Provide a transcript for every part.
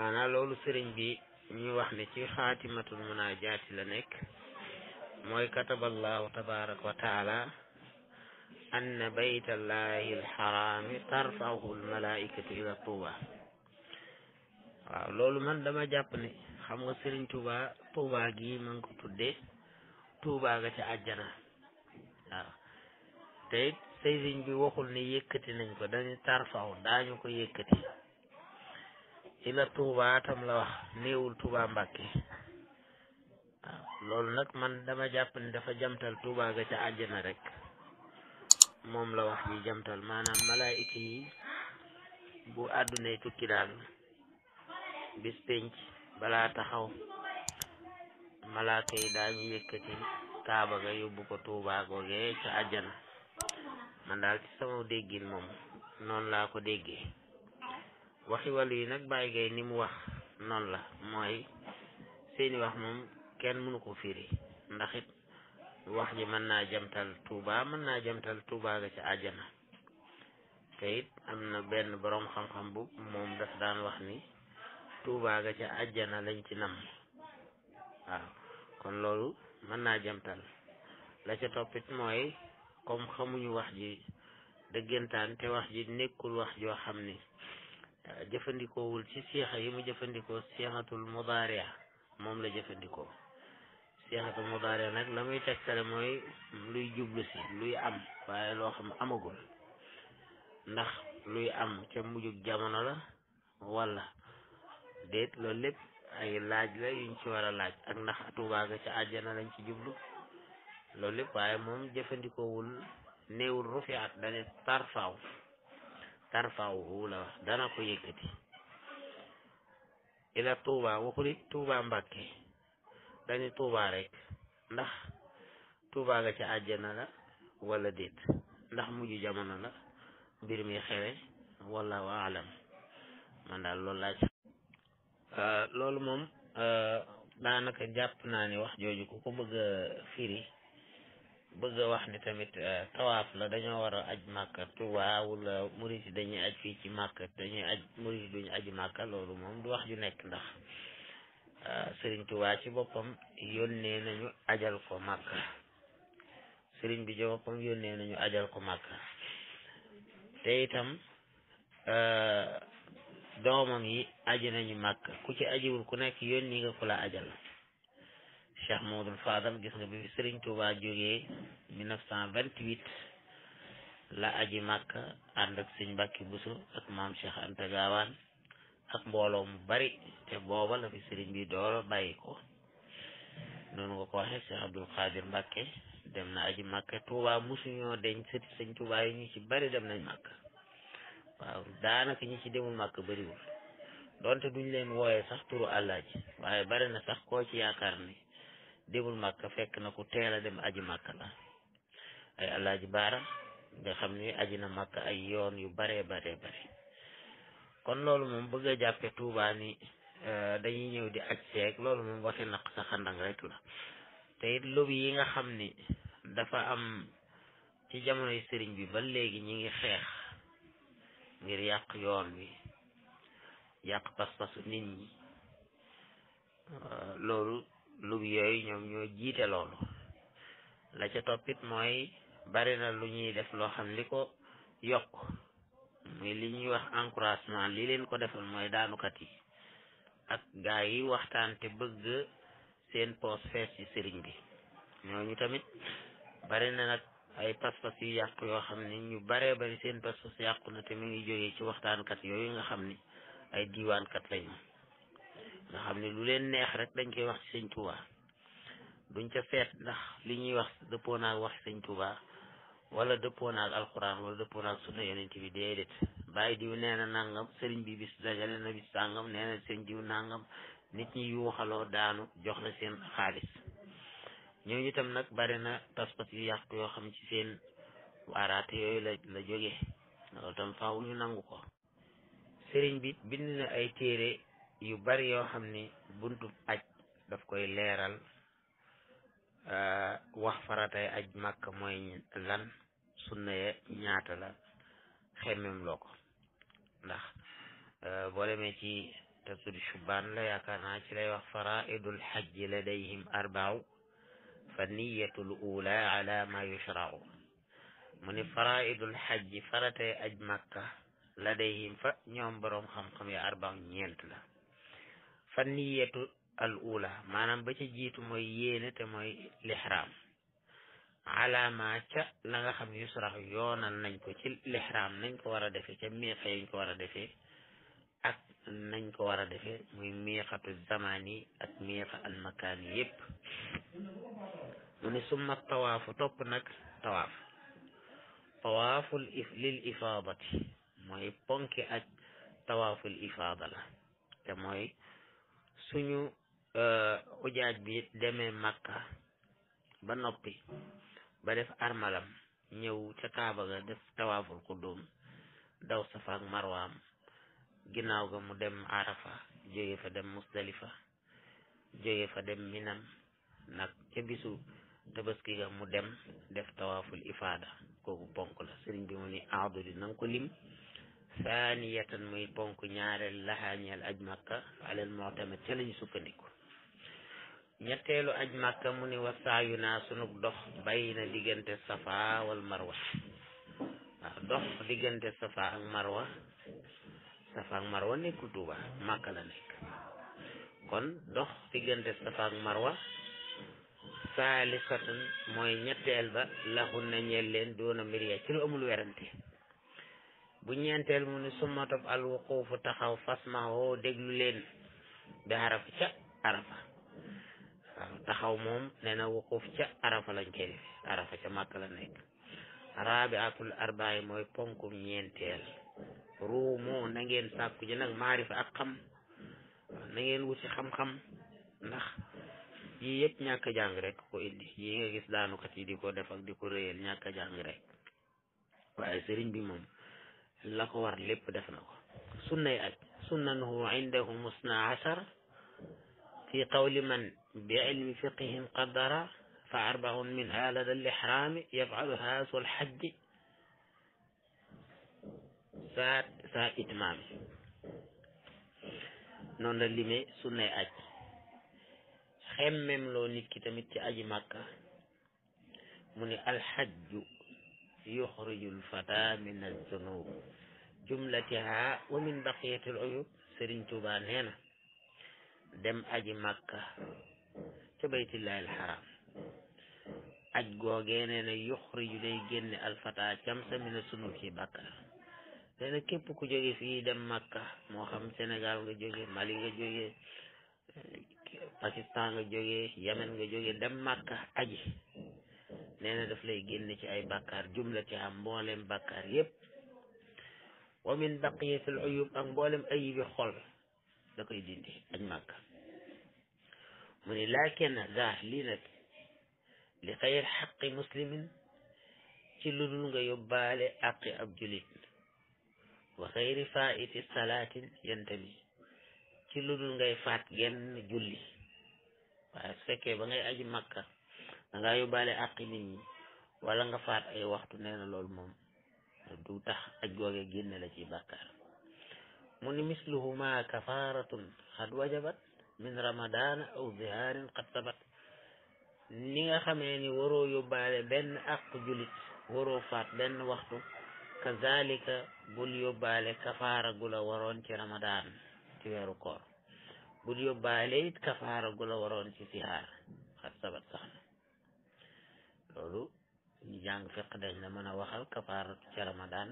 maanaam loolu sëriñ bi ñuy wax ne ci xaatimatul munaajaati la nekk mooy kataballahu tabaraka wa taala anna baytallahi alxaraami tarfaahu almalaikatu ila tuuba loolu man dama jàpp ni xam nga sëriñ tuuba gi ma ngi ko tuddee tuuba ga ca àjjana waaw te it bi waxul ni yëkkati nañu ko dañu tarfaaw daañu ko yëkkati ila Touba tam la wax néewul Touba Mbàkke loolu nag man dama jàpp ne dafa jamtal Touba ga ca àjjana rek moom la wax ji jamtal maanaam malaayika yi bu àddunay tukki daal bis penc balaa taxaw malaaka yi daañu yëkkati kaaba ga yóbbu ko Touba googee ca àjjana man daal ci sama déggin moom noonu laa ko déggee waxi wàllu yi nag bàyyi ni mu wax noonu la mooy seeni wax moom kenn mënu ko firi ndaxit wax ji mën naa jamtal tuuba mën naa jamtal tuuba ga ca àjjana te am na benn boroom xam-xam bu moom dafa daan wax ni tuuba ga ca àjjana lañ ci nam waaw kon loolu mën naa jamtal la ca toppit mooy comme xamuñu wax ji dëggantaan te wax ji nekkul wax joo xam ni Eh, jëfandikoowul ci seexa yi mu jëfandikoo seexatul mudaariya moom la jëfandikoo seexatul mudaariya nag la muy tegtale mooy luy jublu si luy am waaye loo xam amagul ndax luy am ca mujjug jamono la walla déet loolu lépp ay laaj la yuñ ci war a laaj ak ndax ci ca àjjana lañ ci jublu loolu lépp waaye moom jëfandikoowul néewul rufiat dane tarfaaw tarfawuhu la wax dana ko yëkkati ila tuuba waxuli tuuba mbàkke dañu tuuba rek ndax tuuba ga ca àjjana la walla déet ndax mujj jamono la mbir mi xewe wallahu aalam man daal loolu laa ci euh, loolu moom euh, daanaka jàpp naa ni wax jooju ku ko bëgg a bëgg wax ni tamit euh, tawaaf la dañoo war aj màkka Tuubaa wala euh, murit yi dañuy aj fii ci màkka dañuy aj murit yi duñu màkka loolu moom du wax ju nekk ndax euh, sëriñ Tuubaa ci boppam yónnee nañu ajal ko màkka sëriñ bi ci boppam yónnee nañu ajal ko màkka te itam doomam yi aji nañu màkka ku ci ajiwul ku nekk yónni nga ku la ajal Cheikh Modou Fadal gis nga bi Serigne Touba jógee 1928 la aji Makka ànd ak sëñ Mbàkke Buso ak maam Cheikh Anta Gaawaan ak mbooloo mu bari te booba la fi Serigne bi doora bàyyi ko noonu nga ko waxee Cheikh Abdoul Khadir Mbàkke dem na aji Makka Touba mosuñoo deñ sëti sëñ Touba yi ñu ci bari dem nañ Makka waaw daanaka ñi ci demul Makka bariwul donte duñ leen wooyee sax turu àllaaji waaye bari na sax koo ci yaakaar ni demul màkka fekk na ku teel dem aji màkka la ay alaaji baara nga xam ni aji na màkka ay yoon yu baree baree bare kon loolu moom bëgg a jàppe tuubaa ni euh, dañuy ñëw di aj seeg loolu moom waxi naq sa xandang rek la te it yi nga xam ni dafa am ci jamonoy sëriñ bi ba léegi ñi ngi xeex ngir yàq yoon wi yàq pas-pasu nit ñi euh, loolu lub yooyu ñoom ñoo jiite loolu la ca toppit mooy bari na lu ñuy def loo xam li ko yokk muy li ñuy wax encouragement li leen ko defal mooy daanukat yi ak gaa yi waxtaan te bëgg seen poos fees ci sëriñ bi ñooñu tamit bari na nag ay pas yu yàq yoo xam ni ñu baree bari seen pas-pas na te mu ngi jógee ci waxtaankat yooyu nga xam ni ay diiwaankat lañu nga xam ne lu leen neex rek dañ koy wax ci sëñ Touba duñ ko feet ndax li ñuy wax dëppoo naag wax sëñ Touba wala dëppoo naag alxuraan wala dëppoo naag sunna yonent bi déedéet bàyyi diw nee na nangam sëriñ bi bis dajale na bis sàngam nee na sëriñ diw nangam nit ñi yuuxaloo daanu jox na seen xaalis ñooñu itam nag bari na pas-pas yu yàqu yoo xam ci seen waaraate yooyu la la jógee loolu tam faaw ñu nangu ko sëriñ bi bind na ay téere yu bari yoo xam ni buntub aj daf koy leeral euh, wax faratay aj màkk mooy lan sunna ya ñaata la xemmem loo ko ndax euh, boo demee ci tasud shubaan la yaakaar naa ci lay wax faraidul xajji ladayhim arbau fa niyatul ula ala ma yushrau mu ni faraidul xajji faratay aj màkka ladayhim fa ñoom boroom xam-xam ya arbau ñeent la fanniyatu al ula maanaam ba ca jiitu mooy yéene te mooy lixraam alaama ca la nga xam yusrax yoonal nañ ko ci lixraam nañ ko war a defe ca miixa yuñ ko war a defee ak nañ ko war a defee muy miixatu zamani ak miixa al makaani yépp mu ne summa tawaafu topp nag tawaaf tawaaful if lil ifaadati mooy ponki ak tawaaful ifaada la te mooy suñu eh, ujaaj bi demee Makka ba noppi ba def armalam ñëw ca Kaaba ga def tawaaful qudduum daw Safa ak Marwaam ginnaaw ga mu dem Arafa jóge fa dem Musdalifa jóge fa dem Minam nag ca bisu tabaski ga mu dem def tawaaful ifaada kooku ponk la sëriñ bi mu ni aadu di nanga ko lim saaniyatan muy ponk ñaareel laxaañeel aj makka alal mu'tamad ca lañu sukkandiku ñetteelu aj makka mu ni wa saayu naa sunug dox bay na diggante safa wal marwa dox diggante safa ak marwa safa ak marwa nekkul tuuba makka la nekk kon dox diggante safa ak marwa saalisatan mooy ñetteel ba laxun na ñeel leen doona mbir ya ci lu amul werante bu ñeenteel mu ni summa topp al wuquufu taxaw fasmahoo déglu leen bi araf ca arafa waaw taxaw moom nee na ca arafa lañ koy def arafa ca màkk la nekk raabiatul arbaay mooy ponkum ñeenteel ruumoo na ngeen sàkku ji nag maarifa ak xam na ngeen wuti xam-xam ndax yii yëpp ñàkk jàng rek ko indi yii nga gis daanukat yi di ko def ak di ko réyal ñàkk a jàng rek waaye sëriñ bi moom la ko war lépp def na ko sunnay aj sunnanuhu indahu musna ashar fi qawli man bi ilmi fiqihim qaddara fa arbaun min alada lixraami yafcaluha sol xajji saa saa itmaami noonu la limee sunnay aj xemmem loo nit ki tamit ci aji màkka mu ne alxajju yuxrijul fata min aljunub jumlatiha wa min baqiyatil uyub Tuuba nee dem aji makka ca baytillahi alxaram aj googee nee na yuxriju day génne alfata camsa min assunub ci bàkkar nee képp ku jóge fii dem makka moo xam senegal nga jóge Mali nga jóge Pakistan nga jóge Yemen nga jóge dem makka aji nee daf lay génne ci ay bàkkaar jumlatiha mboolem bàkkaar yépp wa min baqiyatil uyub ak mboolem ayibi xol da koy dindi aj màkk mu ne laakin gaa lii nag li xayr xaqi muslimin ci lu dul nga yóbbaale àqi ab julit wa xayri faiti salaatin yantami ci lu dul ngay faat genn julli waaye su ba ngay aji màkka danga ngaa yóbbaale àqi nit ñi wala nga faat ay waxtu nee na loolu moom du tax aj googe génne la ci bàkkaar mu ni misluhuma kafaratun xad wajabat min ramadana aw zihaarin xad sabat ni nga xamee ni waroo yóbbaale benn àq julit waroo faat benn waxtu kazalika bul yóbbaale kafaara gu waroon ci ramadaan ci weeru koor bul yóbbaale it kafaara gu waroon ci sihaar xat sabat sax loolu ñu jàng fiq dañ la mën a waxal kafaara ci ramadan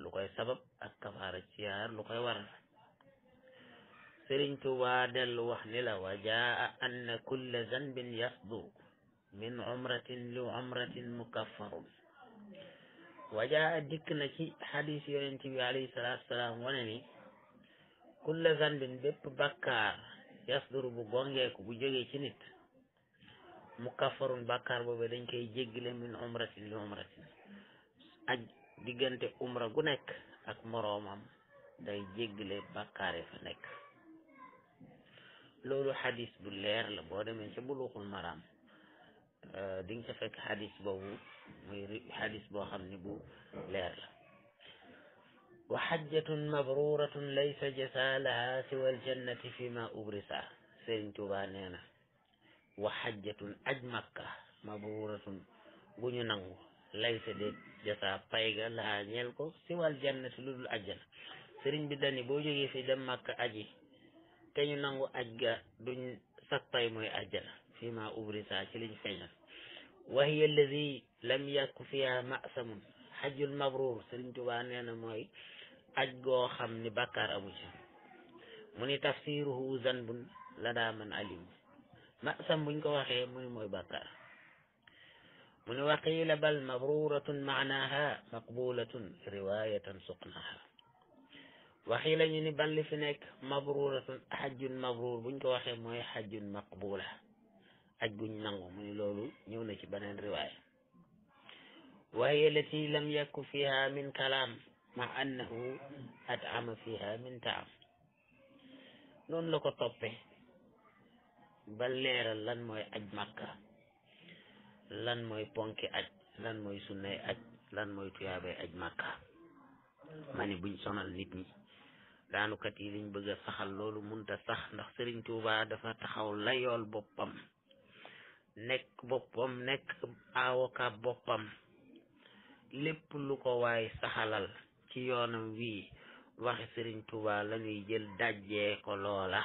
lu sabab ak kafaara ci yaar lu koy waral sëriñ wax ni la wa jaa anna kulla yasdu min umratin li umratin mukaffarun dikk na ci xadis yonent bi alayhi salaatu salaam wane ni yasduru bu gongeeku bu jógee ci mukaffarun bàkkaar boobu dañ koy jéggile min umratin li umratin aj diggante umra gu nekk ak moroomam day jéggile bàkkaar yi fa nekk loolu xadis bu leer la boo demee ca buluxul maraam euh, di nga fekk xadis boobu muy xadis boo xam ne bu leer la wa xajjatun mabruratun laysa jasalaha siwa aljannati fi ma ubrisa Sëriñ Tuubaa na wa xajjatun aj makka mabruratun gu ñu nangu laysa déet jasaa payga laa ñeel ko siwal jannati lu dul ajjana sëriñ bi dani boo jógee fi dem makka aji te ñu nangu aj ga duñ sag pay mooy ajjana fii ma ubri saa ci liñ wa hiya alladi lam yakku fiha masamun xajjul mabruur sëriñ Tuubaa nee na mooy aj goo ni bàkkaar amu mu ni tafsiruhu zanbun la daa alimu masam buñ ko waxee mu ne mooy bàkkaar mu ne waqiila bal mabruratun maanaha maqbulatun riwayatan suqnaha waxiila ñu ni ban li fi nekk mabruratun xajjun mabrur buñ ko waxee mooy xajjun maqbula aj guñ nangu mu ni loolu ñëw na ci beneen riwaaya wahiya lati lam yakku fiha min kalaam ma annahu at'ama fiha min taam noonu la ko toppee ba leeral lan mooy aj màkka lan mooy ponki aj lan mooy sunnay aj lan mooy tuyaabay aj màkka ma ne buñ sonal nit ñi daanukat yi liñ bëgg saxal loolu munta sax ndax sëriñ Touba dafa taxaw layool boppam nekk boppam nekk avocat boppam lépp lu ko waay saxalal ci yoonam wii waxi sëriñ tuuba lañuy ñuy jël dajjee ko loola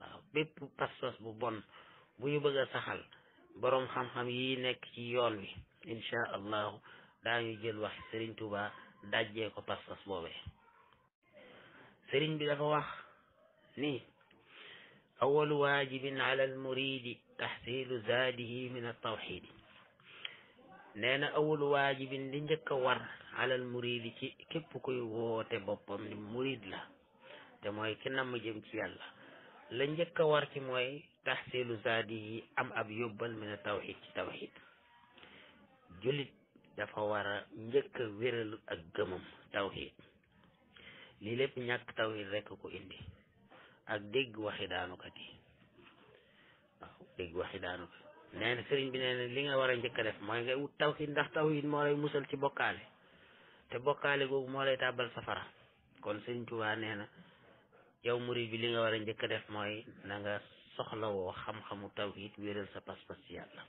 waaw bépp pas bu bon bu ñu bëgg a saxal boroom xam-xam yi nekk ci yoon wi incha daa daañu jël wax sëriñ Tuuba dajjee ko pas boobe boobee sëriñ bi dafa wax ni awalu waajibin ala almuridi tahsilu zaadihi min altawxidi nee na awalu waajibin li njëkk a war ala almuridi ci képp kuy woote boppam ni murid la te mooy ki namm jëm ci yàlla la njëkk a war ci mooy taxsilu zaadi yi am ab yóbbal mi ne tawxid ci tawxid jullit dafa war a njëkk a wéral ak gëmam tawxid lii lépp ñàkk tawxid rekk ko indi ak dégg waxi daanukat yi waaw dégg waxi daanukat nee na sëriñ bi nee li nga war a njëkk a def mooy ngay wut tawxid ndax tawxid moo lay musal ci bokkaale te bokkaale googu moo lay tàbbal safara kon sëriñ Tuubaa nee na yow murid bi li nga war a njëkk def mooy na nga soxlawoo xam-xamu tawhid wéeral sa pas-pas ci yàlla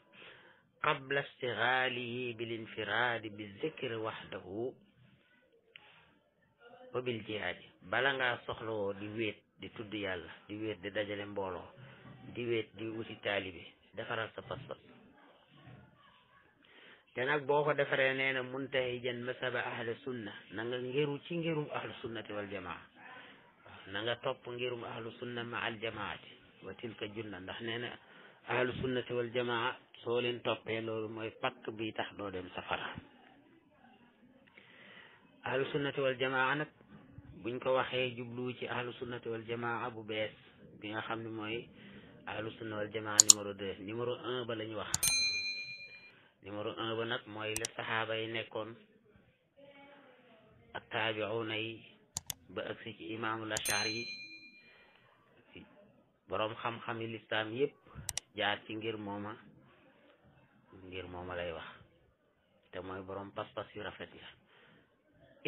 qabla istighalihi bil infiraadi bi zikri wahdahu wa bil jihaad bala ngaa soxlawoo di wéet di tudd yàlla di wéet di dajale mbooloo di wéet di wuti taalibi defaral sa pas-pas te boo ko defaree nee na muntahijan masaba ahlu sunna na nga ngëru ci ngërum ahlu sunnati wal na nga topp ngirum ahlu sunna ma al jamaati wa tilka junna ndax nee ahlu sunnati wal jamaa soo leen toppee loolu mooy pakk bi tax doo dem safara ahlu sunnati wal jamaa buñ ko waxee jublu ci ahlu sunnati wal bu bees bi nga xam ni mooy ahlu sunna wal jamaa numéro deux ba la wax numéro un ba nag mooy la saxaaba yi nekkoon ak ba agsi ci imaamul ashari yi boroom xam-xami lislaam yépp jaar ci ngir mooma ngir mooma lay wax te mooy boroom pas-pas yu rafet ya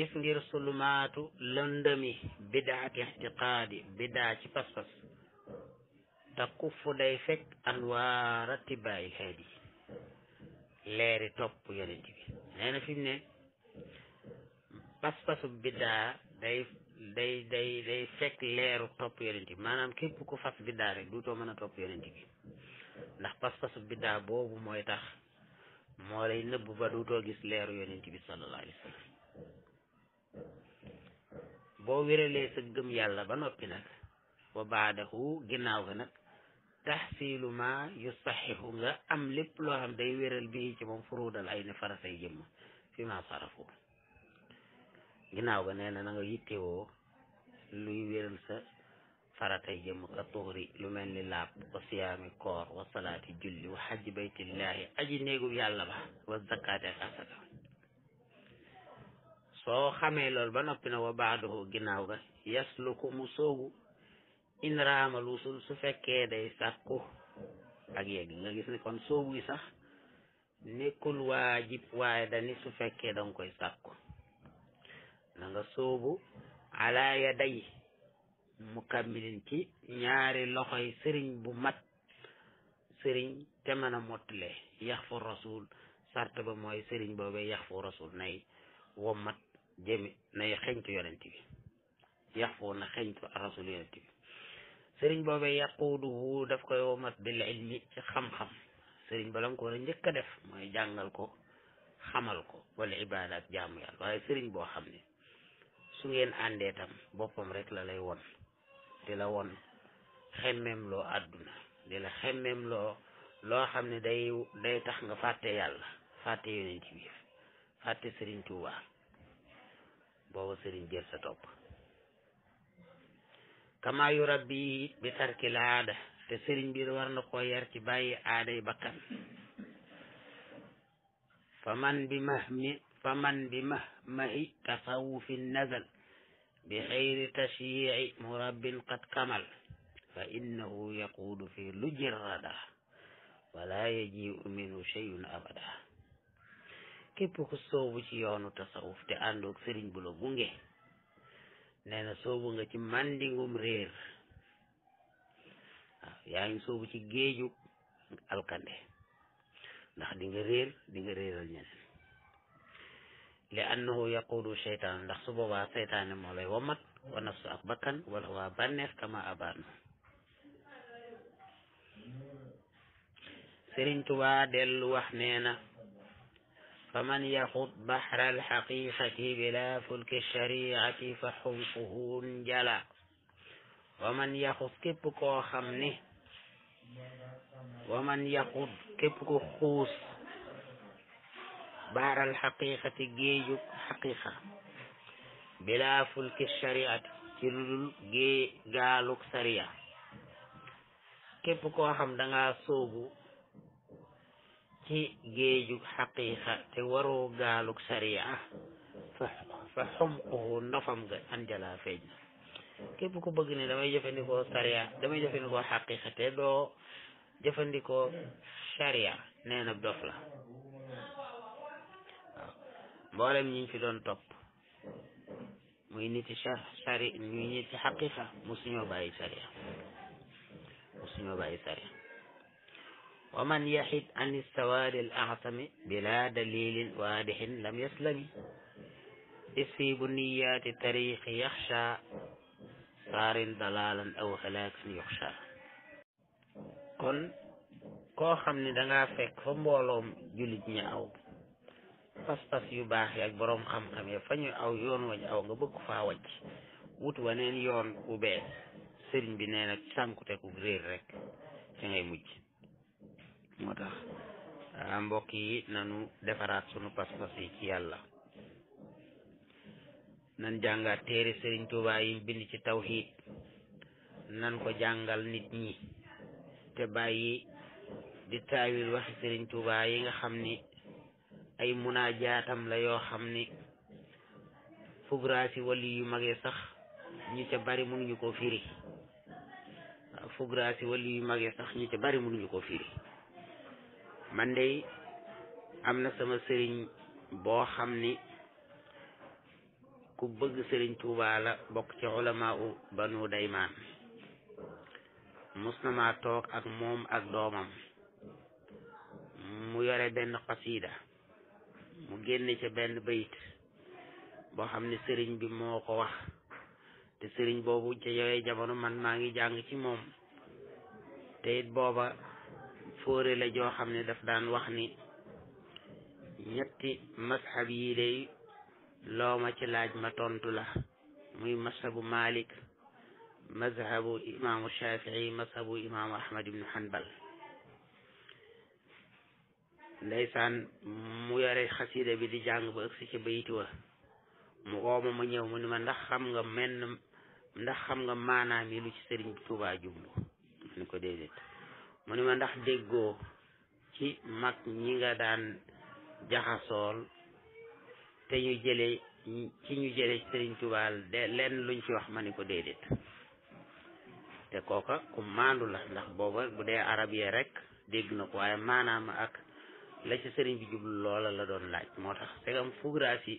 is ngir sulumaatu lëndëmi bidaati ixtiqaadi bidaa ci pas-pas te kuffu day fekk anwaara tibaayi haadi leeri topp yonent bi nee na ne pas-pasu biddaa day day day day fekk leeru topp yonent bi maanaam képp ku fas biddaa rek duutoo mën a topp yonent bi ndax pas-pasu biddaa boobu mooy tax moo lay nëbb ba too gis leeru yonent bi sallallahu alayhi wa sallam boo wéralee sa gëm yàlla ba noppi nag wa baadahu ginnaaw ga nag taxsilu ma yu saxihu nga am lépp loo xam day wéral bii ci moom furuudal ay ne farasay jëmm fi ma sarafu ginnaaw ga nee na na nga yittewoo luy wéral sa faratay jëm ka tuxri lu mel ni laab wa siyaami koor wa salaati julli wa xajji baytillaahi aji néegub yàlla ba wa zakaati ak asaka soo xamee loolu ba noppi na wa baaduhu ginnaaw ga yaslu ko mu soogu in raamal wusul su fekkee day sàkku ak yegg nga gis ne kon soogu yi sax nekkul waajib waaye dani su fekkee danga koy sàkku na nga soobu ala yaday mukammilin ci ñaari loxoy sëriñ bu mat sëriñ te mën a mottale yax rasul sart ba mooy sëriñ boobee yax fu rasul nay wommat jëmi nay xeñtu yonent bi yax fu na xeñtu rasul yonent bi sëriñ boobee yaquuduhu daf koy wommat bil ilmi ci xam-xam sëriñ ba ko war a njëkk a def mooy jàngal ko xamal ko wala ibaadaat jaamu yàlla waaye sëriñ boo xam ne su ngeen àndee tam boppam rek la lay won di la won xemmeem loo àdduna di la xemmeem loo loo xam ne day day tax nga fàtte yàlla fàtte yonent bi fàtte sëriñ Tuuba booba sëriñ jël sa topp kamaayu rabbi bi tarki la aada te sëriñ bi war na ko yar ci bàyyi aaday bakkan fa man bi ma mi فمن بمهمه تصوف نزل بغير تشييع مرب قد كمل فإنه يقود في لج الردى ولا يجيء منه شيء أبدا képp ku soobu ci yoonu tasawuf te àndoog sëriñ bu gunge nee na soobu nga ci mandingum réer waaw yaa ngi soobu ci géeju alkande ndax di nga réer di nga réeral li annahu yaqulu seytaan ndax su boobaa seytaane moo lay womat wa nafsu ak bakkan wala waa bànneef kama abaan Sëriñ Tuubaa dellu wax nee na fa man yaxut baxra alxaqiqati bila fulki shariati fa xumquhun jala wa man yaxut képp koo xam ni wa man yaxut képp ku xuus baaral xaqiqati géeju xaqiqa bila fulki shariat ci ludul gée gaaluk sariya képp koo xam danga soobu ci géeju xaqiqa te waroo gaaluk sariya fa xumquhu ndofam ga anjala feeñ na képp ku bëgg ne damay jëfandikoo sariya damay jëfandikoo xaqiqa te doo jëfandikoo sariya nee na la mboolem ñi ñu fi doon topp muy nit ci char chari muy nit ci xaqiqa musuñoo bàyyi sariya musuñoo bàyyi sariya wa man yaxid an istawaari al bila dalilin waadixin lam yaslami isibu niyaati tariqi yaxsha saarin dalalan aw halaakan yuxsha kon koo xam ni dangaa fekk fa mbooloom julit ñaaw pas-pas yu baax yi ak boroom xam-xam yi fa ñu aw yoon waj aw nga bëgg faa wàcc wut waneen yoon wu sëriñ bi nee na sànkute ku réer rek ci ngay mujj moo tax ah, mbokk yi nanu defaraat sunu pas-pas yi ci yàlla nan jàngaat téere sëriñ Tuubaa yi bind ci tawxiid nan ko jàngal nit ñi te bàyyi di waxi sëriñ Tuubaa yi nga xam ni ay munaajaatam la yoo xam ni fugraasi wali yu magee sax ñu ca bari mënuñu koo firi waaw fugraasi wali yu magee sax ñu ca bari mënuñu koo firi man de am na sama sëriñ boo xam ni ku bëgg sëriñ Tuuba bokk ci ulamaa u banu daymaan mus toog ak moom ak doomam mu yore benn xasiida mu génne ci benn bayit boo xam ne sëriñ bi moo ko wax te sëriñ boobu ca jamono man maa ngi jàng ci moom te booba fóore joo xam ne daf daan wax ni ñetti mashab yii dey looma ci laaj ma tontu la muy mashabu malik mazhabu imaamu shafii mazhabu imaamu ahmad ibnu hanbal ndeysaan mu yore xasida bi di jàng ba ëgsi ci bayiti wa mu ooma ma ñëw mu ni ma ndax xam nga menn ndax xam nga maanaam yi lu ci sëriñ Tuubaa jublu ko déedéet mu ni ma ndax déggoo ci mag ñi nga daan jaxasool te ñu jële ci ñu jële sëriñ Tuubaa de lenn luñ ci wax ma ni ko déedéet te kooka ku maandu la ndax booba bu dee arab yi rek dégg na ko waaye maanaam ak la ci sëriñ bi jublu loola la doon laaj moo tax segam fugraas yi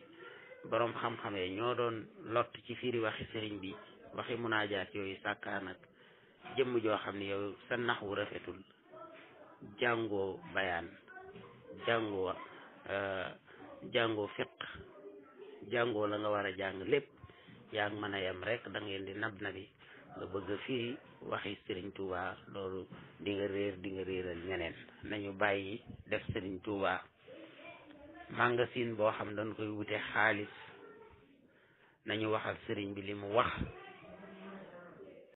boroom xam-xamee ñoo doon lott ci fiiri waxi sëriñ bi waxi munaajaat yooyu sàkkaan nag jëmm joo xam ne yow sa nax wu rafetul jàngoo bayaan jàngoo euh, jàngoo fiq jàngoo la nga war a jàng lépp yaa ngi mën a yem rek da ngeen di nab nabi nga bëgg a firi waxi Serigne Touba loolu di nga réer di nga réeral ñeneen nañu bàyyi def Serigne Touba magasin boo xam dañ koy wute xaalis nañu waxal Serigne bi li mu wax